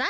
está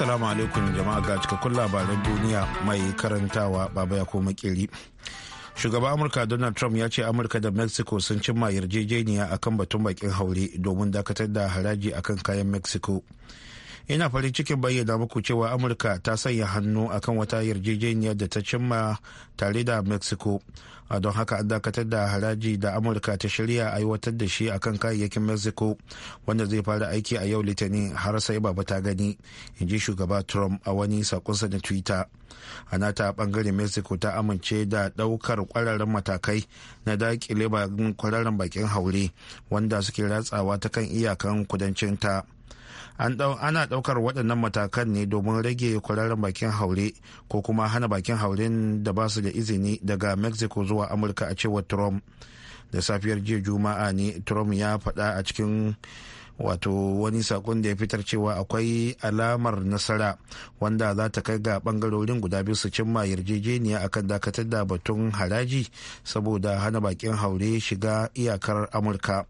Assalamu alaikum jama'a ga cikakkun labaran duniya mai karantawa baba ya koma kiri. Shugaban Amurka Donald Trump ya ce Amurka da Mexico sun cimma yarjejeniya akan batun bakin haure domin dakatar da haraji akan kayan Mexico. Ina farin cikin bayyana muku cewa Amurka ta sanya hannu akan wata yarjejeniyar da ta cimma tare da Mexico a don haka an dakatar da haraji da amurka ta shirya aiwatar da shi akan kayayyakin mexico wanda zai fara aiki a yau litinin har sai baba ta gani in ji shugaba trump a wani sakonsa na twitter a nata bangare mexico ta amince da daukar kwararren matakai na dakile kwararren bakin haure wanda suke ratsawa ta kan iyakan kudancinta. ana ɗaukar waɗannan matakan ne domin rage kwararren bakin haure ko kuma hana bakin hauren da ba su da izini daga mexico zuwa amurka a cewar trump da safiyar jiya juma'a ne trump ya faɗa a cikin wato wani sakon da ya fitar cewa akwai alamar nasara wanda za ta kai ga bangarorin guda biyu su cimma yarjejeniya akan dakatar da batun haraji saboda hana bakin haure shiga iyakar amurka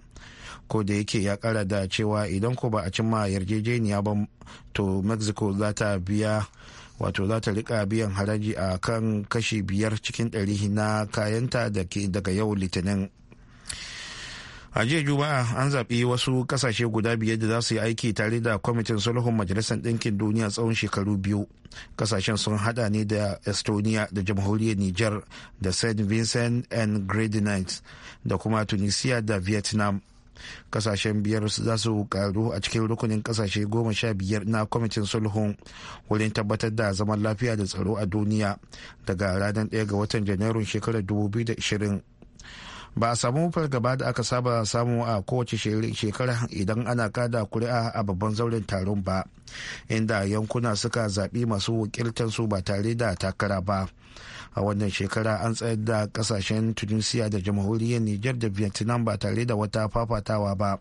ko da yake ya kara da cewa idan ko ba a cimma yarjejeniya ba to mexico za ta biya wato za ta rika biyan haraji a kan kashi biyar cikin ɗari na kayanta daga yau litinin a jiya juma'a an zaɓi wasu ƙasashe guda biyar da za su yi aiki tare da kwamitin sulhun majalisar ɗinkin duniya tsawon shekaru biyu ƙasashen sun hada ne da estonia da jamhuriyar niger da st vincent and grenadines da kuma tunisia da vietnam kasashen biyar za su karu a cikin rukunin kasashe goma sha biyar na kwamitin sulhun wurin tabbatar da zaman lafiya da tsaro a duniya daga ranar 1 ga watan janairun shekarar 2020 ba a samu fargaba da aka saba samu a kowace shekara idan ana kada kuri'a a babban zauren taron ba inda yankuna suka zaɓi masu wakiltar su ba tare da takara ba a wannan shekara an tsayar da kasashen tunisia da jamhuriyar niger da vietnam ba tare da wata fafatawa ba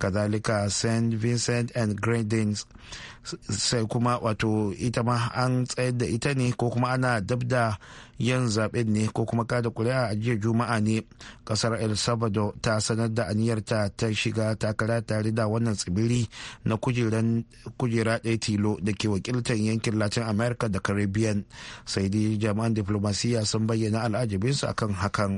kazalika st vincent and grenadines sai kuma wato ita ma an tsayar da ita ne ko kuma ana dabda da yin zaben ne ko kuma kada kuri'a a jiya juma'a ne kasar el salvador ta sanar da aniyarta ta shiga takara tare da wannan tsibiri na kujera ɗaya tilo da ke wakiltar yankin latin america da caribbean sai dai jami'an diplomasiya sun bayyana al'ajabinsu akan hakan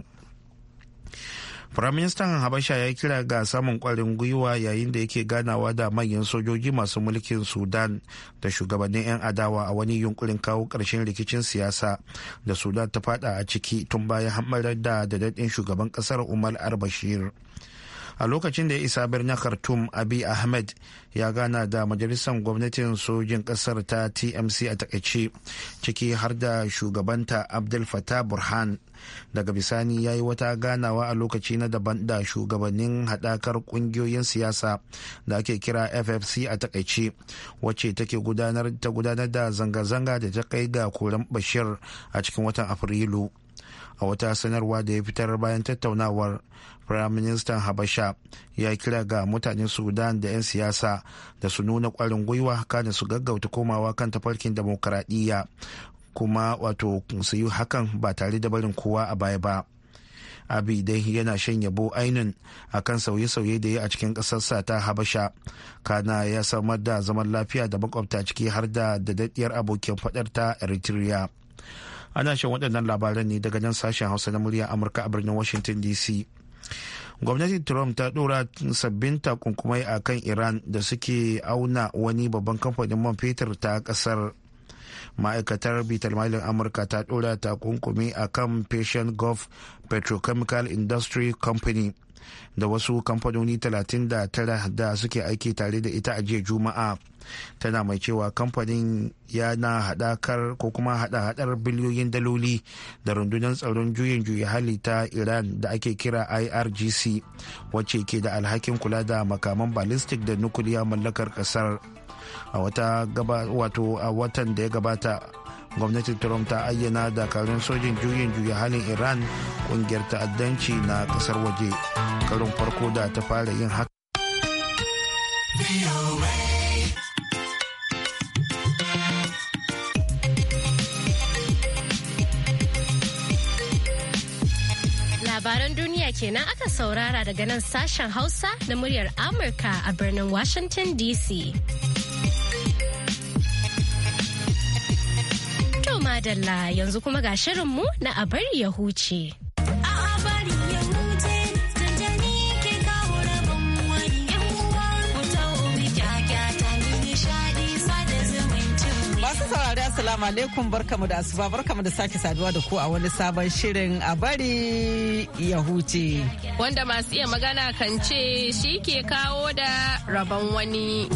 Firaministan Habasha ya kira ga samun kwarin gwiwa yayin da yake ganawa da manyan sojoji masu mulkin Sudan da shugabannin 'yan adawa a wani yunkurin kawo ƙarshen rikicin siyasa da Sudan ta fada a ciki tun bayan hamarar da daɗin shugaban ƙasar Umar Arbashir. bashir a lokacin da ya isa birnin khartoum abi ahmed ya gana da majalisar gwamnatin sojin kasar ta tmc a takaice ciki har da shugabanta abdul fatah burhan daga bisani ya yi wata ganawa a lokaci na daban da shugabannin haɗakar ƙungiyoyin siyasa da ake kira ffc a takaice wacce take gudanar ta gudanar da zanga-zanga da ta kai ga koren bashir a cikin watan afrilu a wata sanarwa da ya fitar bayan tattaunawar firaministan habasha ya kira ga mutanen sudan da 'yan siyasa da su nuna kwarin gwiwa kada su gaggauta komawa kan tafarkin demokaradiyya kuma wato su yi hakan ba tare da barin kowa a baya ba abi dai yana shan yabo ainin akan sauye-sauye da ya a cikin ƙasarsa ta habasha kana ya samar da zaman lafiya da makwabta ciki har da daddiyar abokin fadar ta eritrea ana shan waɗannan labaran ne daga nan sashen hausa na murya amurka a birnin washington dc gwamnati trump ta dora sabbin takunkumai a kan iran da suke auna wani babban kamfanin man fetur ta kasar ma'aikatar bitar malin amurka ta dora takunkumi a kan patient gulf petrochemical industry company da wasu kamfanoni 39 da suke aiki tare da ita a jiya juma'a tana mai cewa kamfanin yana hadakar ko kuma hada hadar biliyoyin daloli da rundunar tsaron juyin juya hali ta iran da ake kira irgc wacce ke da alhakin kula da makaman ballistic da nukuliya mallakar kasar a wata wato a watan da ya gabata gwamnatin trump ta ayyana dakarun sojin juyin juya halin iran kungiyar ta'addanci na kasar waje karin farko da ta fara yin haka labaran duniya kenan aka saurara daga nan sashen hausa na muryar amurka a birnin washington dc madalla yanzu kuma ga shirinmu na a bari ya huce. Masu saurari Assalamu alaikum barkamu da asuba barkamu da sake saduwa da ku a wani sabon shirin a bari ya huce. Wanda masu iya magana kan ce shi ke kawo da rabon wani.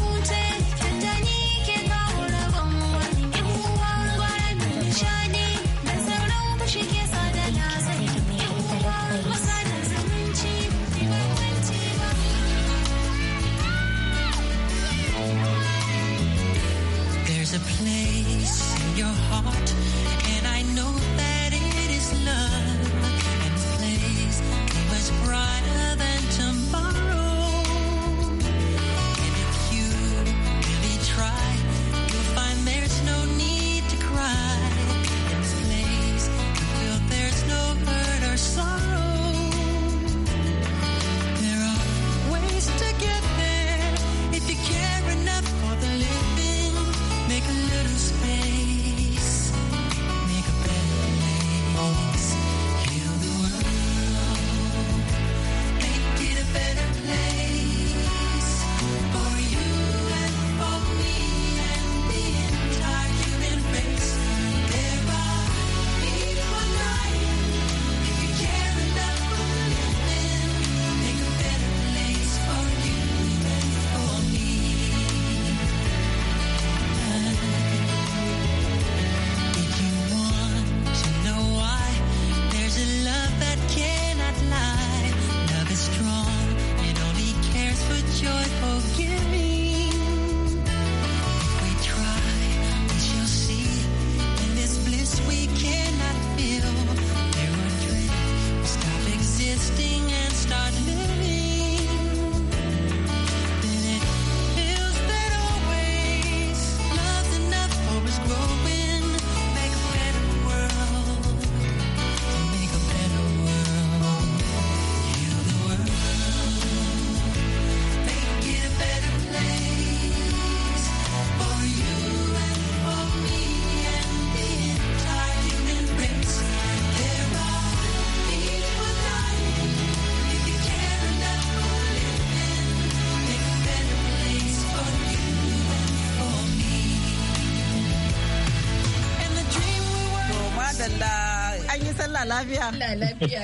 lafiya.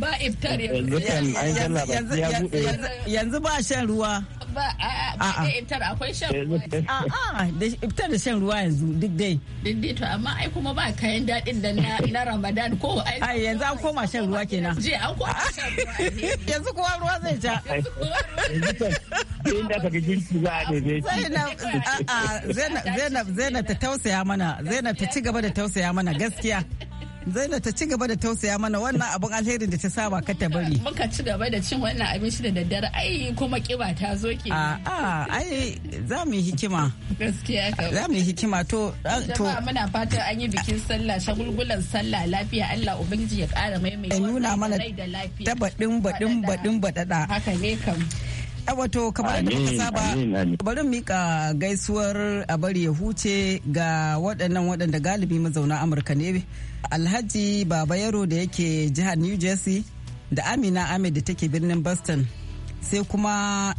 Ba iftar yanzu. ba shan ruwa. Ba a iftar akwai shan ruwa. A'a da iftar da shan ruwa yanzu duk dai. Duk dai to amma ai kuma ba kayan daɗin da na Ramadan ko ai. yanzu an koma shan ruwa kenan. Je an koma shan ruwa. Yanzu kowa ruwa zai ja. Inda ka ga girki za a neme Zainab ta tausaya mana. Zainab ta ci gaba da tausaya mana gaskiya. Zainab ta ci gaba da tausaya mana wannan abun alherin da ta saba ka ta bari. Muka ci gaba da cin wannan abinci da daddare ai kuma kiba ta zo ke. A ai za mu yi hikima. Gaskiya ka. Za mu yi hikima to to. muna fatan an yi bikin sallah shagulgulan sallah lafiya Allah ubangiji ya kara maimaita. Ya nuna mana tabadin badin badin badada. Haka ne kam. Eh, wato kamar da muka saba bari mika gaisuwar a bari ya huce ga waɗannan waɗanda galibi mazauna amurka ne alhaji baba yaro da yake jihar new jersey da amina ahmed da take birnin boston sai kuma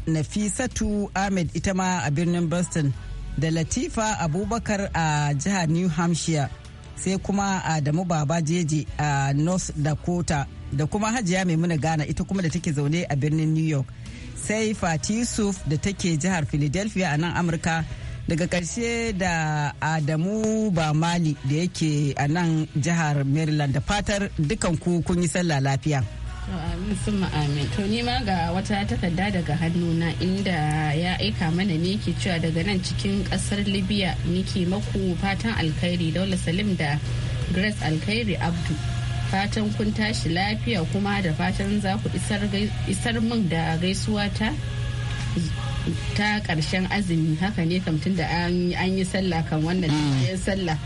nafisatu ahmed ita ma a birnin boston da latifa abubakar a jihar new hampshire sai kuma adamu baba jeje a north dakota da kuma hajiya maimuna ghana ita kuma da take zaune a birnin new york sai fati yusuf da take jihar philadelphia a nan amurka daga karshe da adamu ba mali da yake a nan jihar maryland da fatar dukan ku kun yi sallah lafiya amin sun amin to nima ga wata takarda daga hannuna inda ya aika mana ne ke cewa daga nan cikin kasar libya nike maku fatan alkhairi daula salim da grace alkhairi abdu fatan kun tashi lafiya kuma da fatan za ku isar min da gaisuwa ta ta karshen azumi haka ne kamtun da an yi sallah kan wannan mm. sallah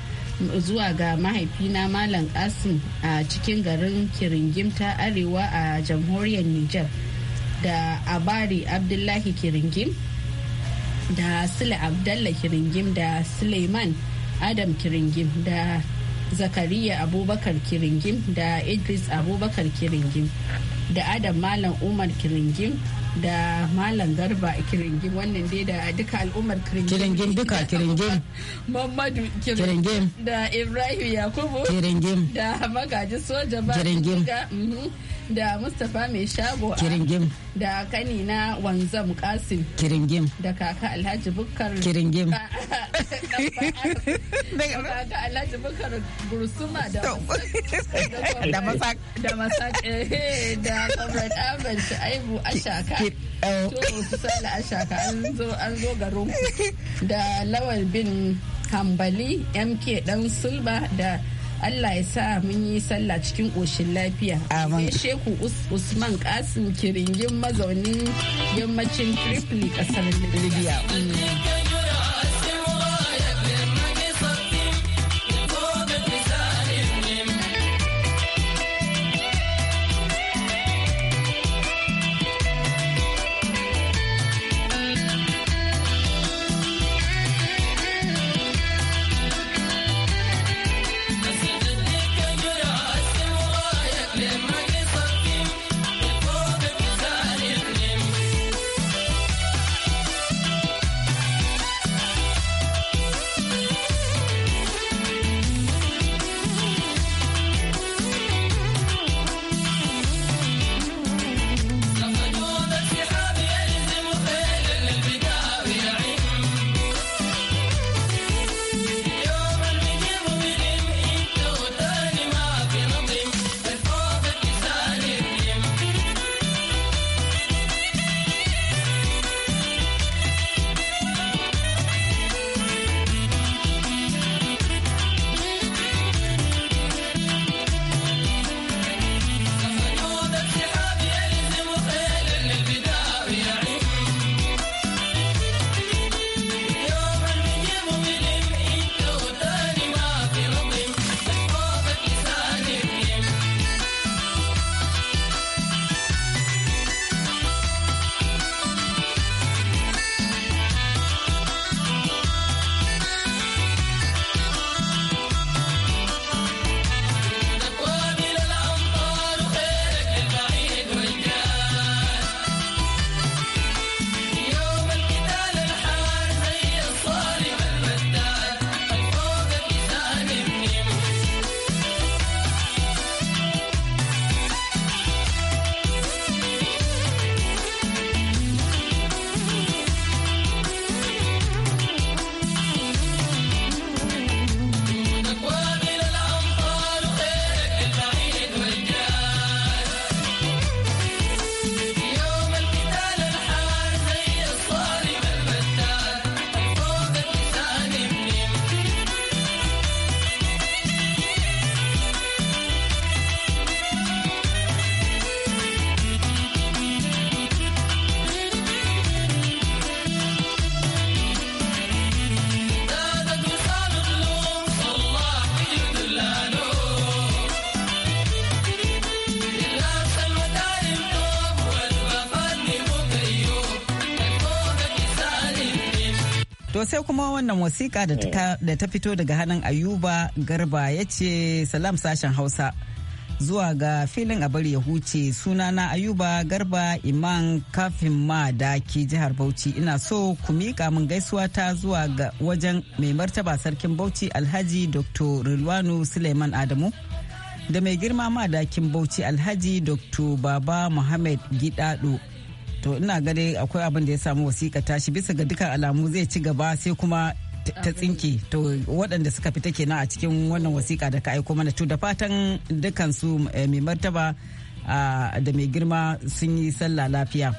zuwa ga mahaifina malam kasim a cikin garin kiringim ta arewa a jamhuriyar niger da abari abdullahi kiringim da sule abdallah kiringim da suleiman adam kiringim da zakariya abubakar kiringin da idris abubakar kiringin da adam malam umar kiringin da malam garba kiringin wannan dai da duka al'ummar kiringin duka kiringin mamadu kiringin da ibrahim yakubu kiringim da magaji soja ba da mustapha mai shago kiringim da kani na wanzam kasim kiringim da kaka alhaji bukkar kiringim da kaka alhaji bukkar Gursuma da masak da masak eh, da comrade ahmed shaibu ashaka oh. to su sala ashaka an zo an zo da lawal bin hambali mk dan sulba da Allah ya sa mun yi sallah cikin ƙoshin lafiya. Amin. Sai Sheku Usman Kasim Kiringin mazaunin yammacin Tripoli ƙasar Libya. sai kuma wannan wasiƙa eh. da ta fito daga hannun ayuba garba ya ce salam sashen hausa zuwa ga filin a bari ya huce sunana ayuba garba iman kafin ma daki jihar bauchi ina so ku miƙa min gaisuwa ta zuwa ga wajen mai martaba sarkin bauchi alhaji dr rilwanu suleiman adamu da mai girma ma dakin bauchi alhaji dr baba muhammad gidaɗo. to ina ga akwai abin da ya samu wasiƙa tashi bisa ga dukkan alamu zai ci gaba sai kuma ta tsinke to waɗanda suka fita kenan a cikin wannan wasiƙa da ka aiko mana to da fatan dukkan su eh, mai martaba ah, da mai girma sun yi sallah lafiya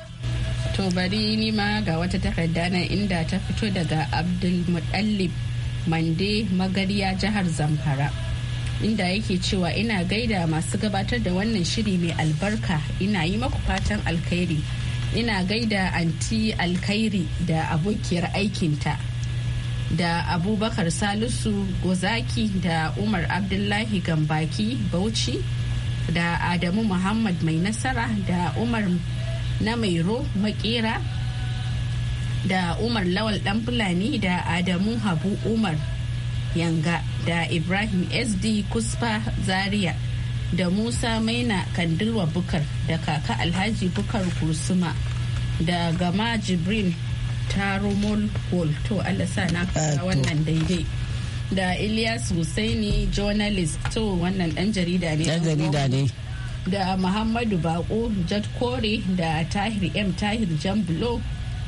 to bari ni ma ga wata takarda nan inda ta fito daga abdulmuɗallib mande magariya jihar zamfara inda yake cewa ina gaida masu gabatar da wannan shiri mai albarka ina yi maku fatan alkhairi ina gaida anti alkhairi da abokiyar aikinta da abubakar salisu gozaki da umar abdullahi gambaki bauchi da adamu muhammad mai nasara da umar na mairo makera da umar lawal dan fulani da adamu habu umar yanga da ibrahim sd kuspa zaria da musa maina kandilwa bukar da kaka alhaji bukar kursuma da gama jibrin taromol hall to allah sa na ah, wannan daidai da ilyas husaini journalist to wannan dan jarida ne da muhammadu bako jad kore da tahir m tahir jambulo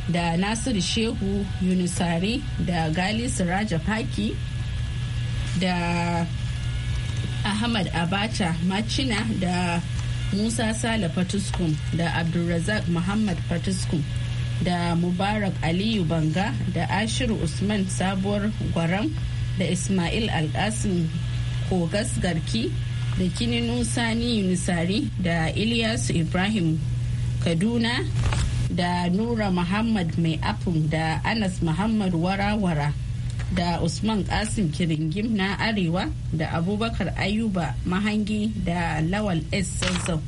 da nasiru shehu yunusari da gali raja faki da ahmad abacha machina da musa sale fatuskum da abdulrazak muhammad fatuskum da mubarak aliyu banga da ashiru usman sabuwar gwaram da ismail alkasim kogas garki da kininu sani yunusari da ilyasu ibrahim kaduna da nura muhammad mai apun da anas muhammad warawara da usman kasim kiringim na arewa da abubakar ayuba mahangi da lawal s zazzau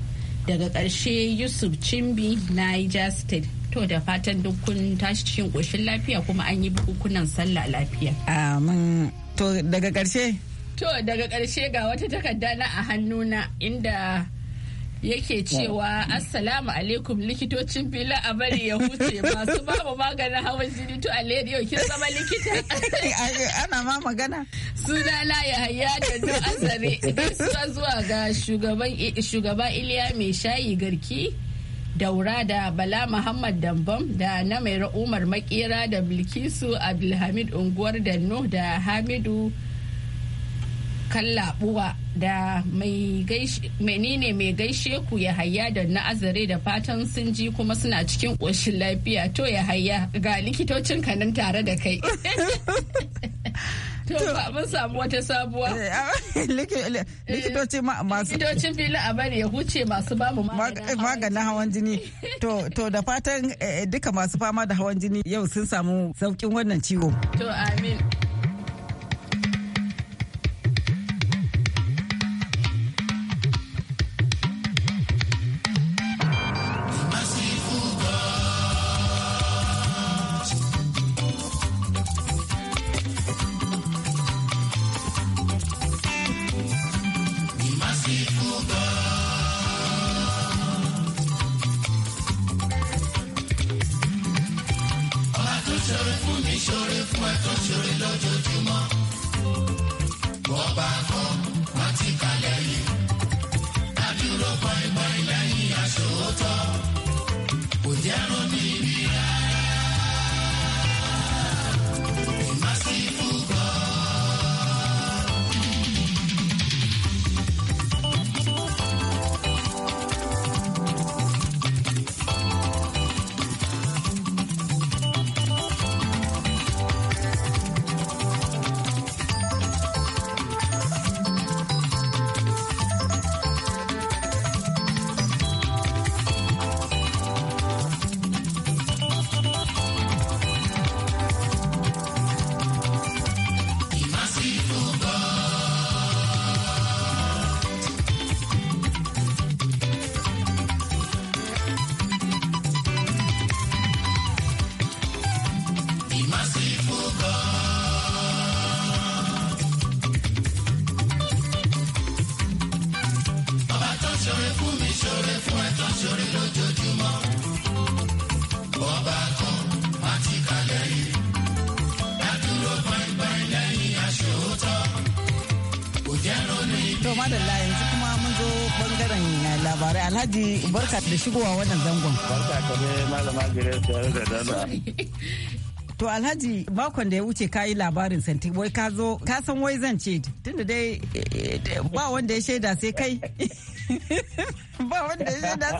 daga ƙarshe yusuf cimbi niger state to da fatan duk kun tashi cikin ƙoshin lafiya kuma an yi bukukunan sallah lafiya amin to daga ƙarshe to daga ƙarshe ga wata takarda na a hannuna inda yake cewa assalamu alaikum likitocin fila a bari ya huce masu babu maganin hawan jini to alheri kin zama likita ana ma magana suna la ya haya da do azare gaisuwa zuwa ga shugaban shugaba iliya mai shayi garki daura da bala muhammad dambam da na mai umar makera da bilkisu abdulhamid unguwar danno da hamidu kallaɓuwa da mai menene mai gaishe ku ya hayya da na'azare da fatan sun ji kuma suna cikin ƙoshin lafiya to ya hayya ga likitocin kanin tare da kai To ba mun samu wata sabuwa. Eh, ah, eh, likitoci masu. Likitocin fili a bari ya huce masu bamu maganin hawan jini. To da fatan eh, duka masu fama da hawan jini yau sun samu saukin wannan ciwo. To amin. Alhaji barka da shigowa wannan zangon. To Alhaji makon da ya wuce ka yi labarin santi wai ka zo ka san wai zan ce tunda dai eh, eh, ba wanda ya shaida sai kai. wanda shi na sai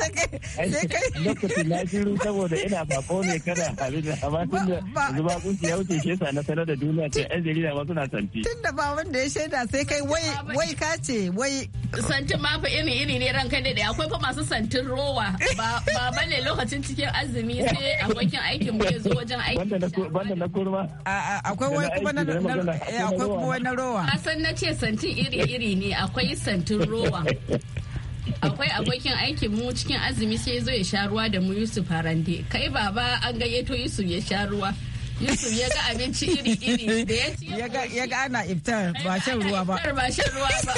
sai kai lokaci na shiru saboda ina bako ne kada halin amma tun da zuba kunci ya wuce shi yasa na sanar da duniya ce yan jarida ma suna santi tun da ba wanda ya shaida sai kai wai wai ka ce wai santin ma fa iri iri ne ran kai da akwai fa masu santin rowa ba ba ne lokacin cikin azumi sai abokin aikin mu ya zo wajen aiki banda na kurma akwai wai kuma na eh, akwai kuma na rowa san na ce santin iri iri ne akwai santin rowa akwai abokin aikin mu cikin azumi sai zo ya sha ruwa da mu yusuf harande kai baba an gayyato yusuf ya sha ruwa yusuf ya ga abinci iri-iri da ya ci ya ga ana iftar ba shan ruwa ba ba shan ruwa ba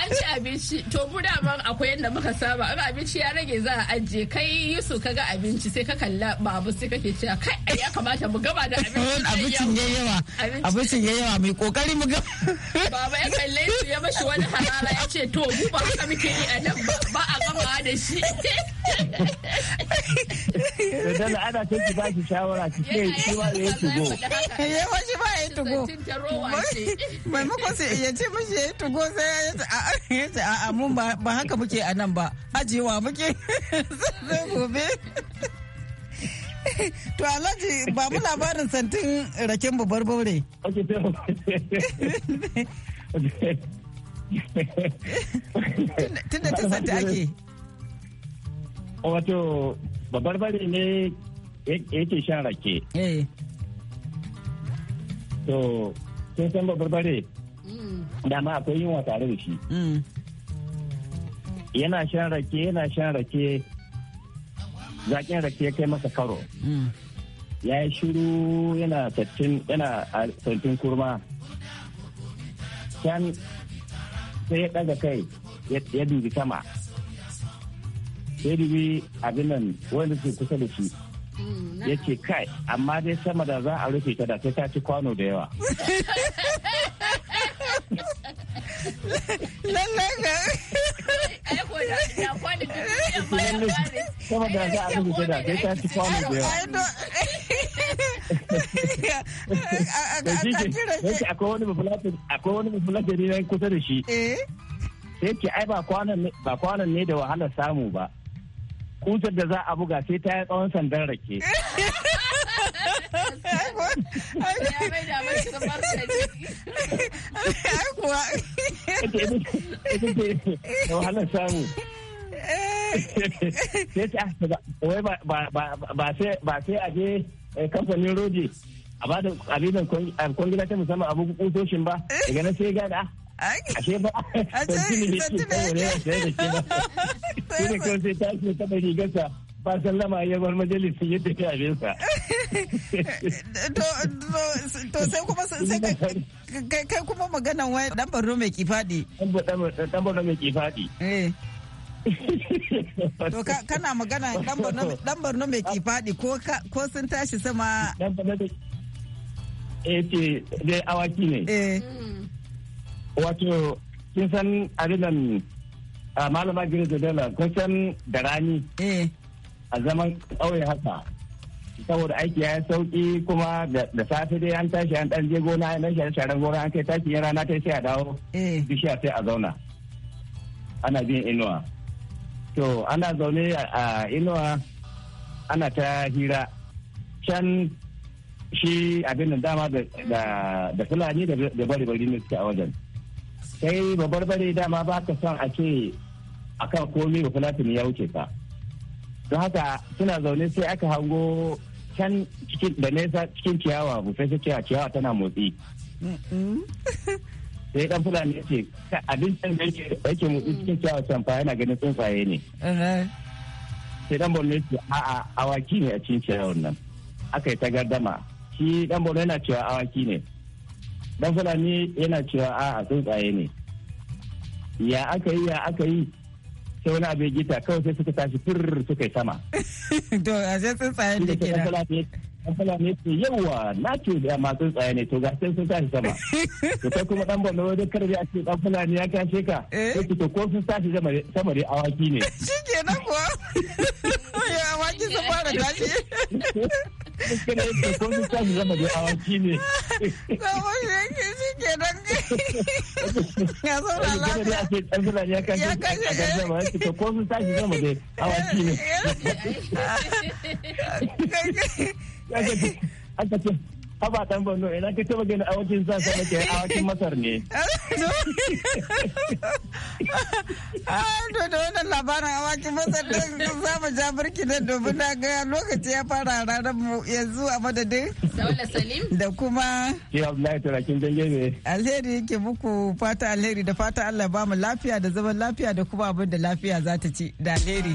an ci abinci to mu daman akwai yadda muka saba in abinci ya rage za a ajiye kai yusuf ka ga abinci sai ka kalla babu sai kake cewa kai ya kamata mu gaba da abincin ya yawa abincin ya yawa mai kokari mu gaba baba ya kalle shi mashi wani harara ya ce to mu ba haka muke yi a nan ba a gama da shi Dole ana ce ki shi shawara ki ce shi ba ya tugo. Eh, ya shi ba ya tugo. Maimakon sai ya ce mashi ya tugo sai ya ce a'a mun ba haka muke a nan ba. Ajiyewa muke zai gobe. to alhaji ba mu labarin santin raken babbar baure. Tun da ake. Wato, babbar bari ne yake shan rake. Eh. To, sun san babar bare mm. dama akwai yunwa tare da shi. Mm. Yana shan rake, yana shan rake, zaƙin rake ya kai masa karo. Mm. Ya yi shiru yana sattin kurma. sai ya ɗaga kai ya dubi sama ya dubi abinan wanda su kusa da shi hmm, ya ce kai amma dai sama da za a rufe ta da ta ci kwano da yawa lallai ga da da ya ta da da ci kwano da yawa akwai wani bafulatani na kusa da shi sai ce ai ba kwanan ne da wahalar samu ba kusar da za a buga sai ta yi tsawon sandan rake wahalar samu sai ce ba sai a je Eh, kamfanin roje a ba da abinan kwangila ta musamman abu kusoshin ba eh. daga na sai gada ashe ba a tuni ne shi kawai ya sayar da shi ba shi ne kawai sai ta ce taɓa rigarsa ba a ya bar majalisi ya tafi abinsa. To sai kuma sai kai kuma maganan wai dan barno mai kifadi. Dan barno mai kifadi. Eh. To kana magana dan Borno mai ke faɗi ko sun tashi sama. Dan Borno da eh, awaki ne. Eh. Wato kin san adilan malama gina jadala kun san da rani. Eh. A zaman ƙauye haka. saboda aiki ya sauki kuma da safe dai an tashi an dan je gona na share sharen gona an kai tashi rana ta sai a dawo bishiya sai a zauna ana bin inuwa to ana zaune a inuwa ana ta hira can shi abin da dama da fulani da bari-bari ne suke a wajen sai babbar bare dama ba ka son a ce a kan komi ba ne ya wuce ka don haka suna zaune sai aka hango can cikin da nesa cikin ciyawa bufai sai ciyawa tana motsi sai dan fulani ya ce abincin da yake motsi cikin ciyawa canfa yana ganin tsuntsaye ne sai dan bolo ya ce a'a awaki ne a cikin ciyawar nan aka yi ta gardama shi dan bolo yana cewa awaki ne dan fulani yana cewa a'a tsuntsaye ne ya aka yi ya aka yi sai wani abin gita kawai sai suka tashi fir suka yi sama to a sai tsuntsayen da ke matsala ne ce yawa na ce da masu tsaye ne to ga sai sun tashi sama to kai kuma dan ballo wajen karbi a ce dan fulani ya tashe ka eh to ko sun tashi sama ne awaki ne shikenan kuwa ya awaki sun fara tashi ya ne aka ce haba dan Borno idan ka taba gani awakin za sa nake awakin Masar ne. Ah, to da wannan labarin awakin Masar din za mu ja birki da domin na ga lokaci ya fara ranar mu yanzu a madadin. Saula Salim. Da kuma. Ki Abdullahi Turakin Dange ne. Alheri yake muku fata alheri da fata Allah ba mu lafiya da zaman lafiya da kuma abin da lafiya za ta ci da alheri.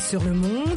sur le monde